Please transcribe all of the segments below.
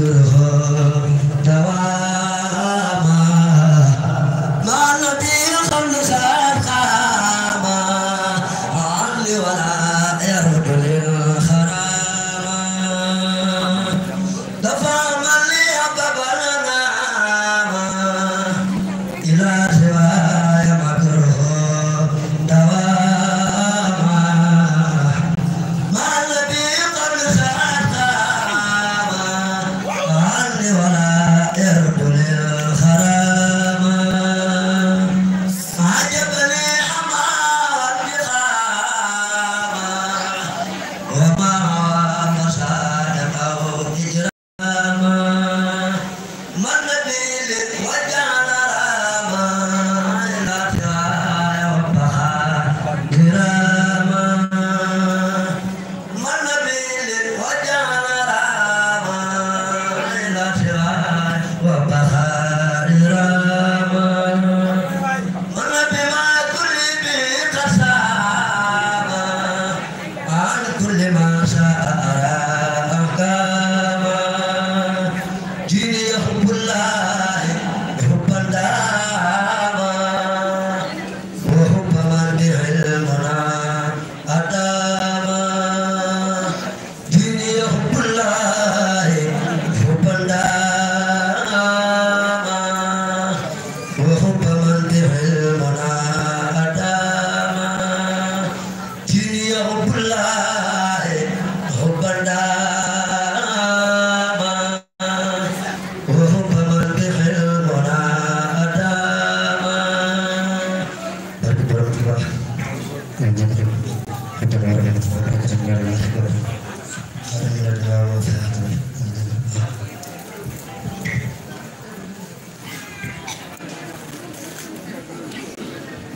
Agra. Namaha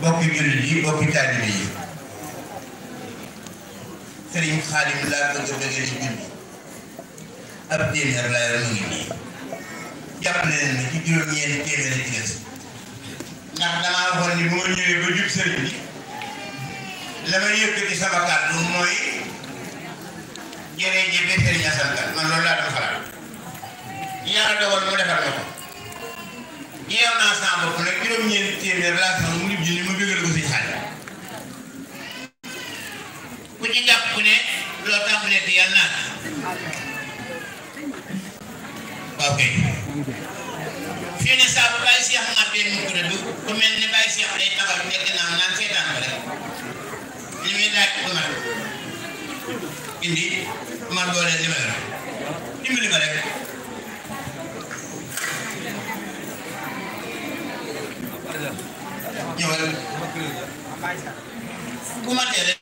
bokki jullit yi bokki taalibe yi Sëriñ Xaadim laa bëgg a bëggee ci julli ab téeméer laa yor mu ngi nii jàpp leen ne ci juróom-ñeenti téeméer ci des ni bu ma ñëwee ba jub sëriñ la ma yëkkati sama kàddu mooy jërëjëf Sëriñ Assane Kan man loolu laa doon xalaat yàlla dogal mu defar na ko yeew naa sama bopp nag juróom-ñeenti téeméer laa sama mu jub julli ma bëggal ko ok fii ne saa bu bàyyi si xam nga benn mu gën a dugg ku mel ne bàyyi si xam day taxaw nekk naa naan seetaan ko rek li muy laaj ko ma indi ma doole li ma yor dimbali ma rek ñëwal ku ma tee rek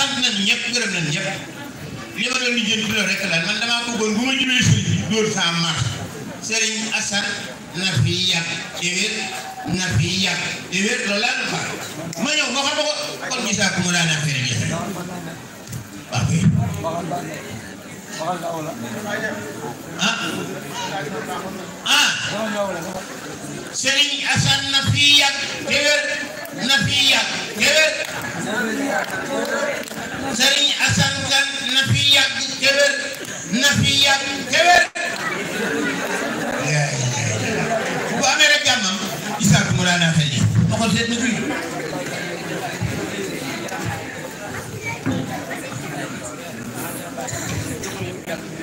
sant nañ ñëpp gërëm nañ ñëpp li ma doon lijjanti loolu rek la man damaa bëggoon bu ma jubee suñ bi dóor saa mars Serigne Assane na fi yàq déwén na fi yàq déwén loolu laa doon faral ma ñëw ma xam ko kon gisaa ko mu daan affaire bi waaw kay ah ah Serigne Assane na fi yàq déwén na fi yàq déwén. fi yàgg te wér bu amee rek jàmmam isaatu mu daan naa fay ne ma xool seet na duy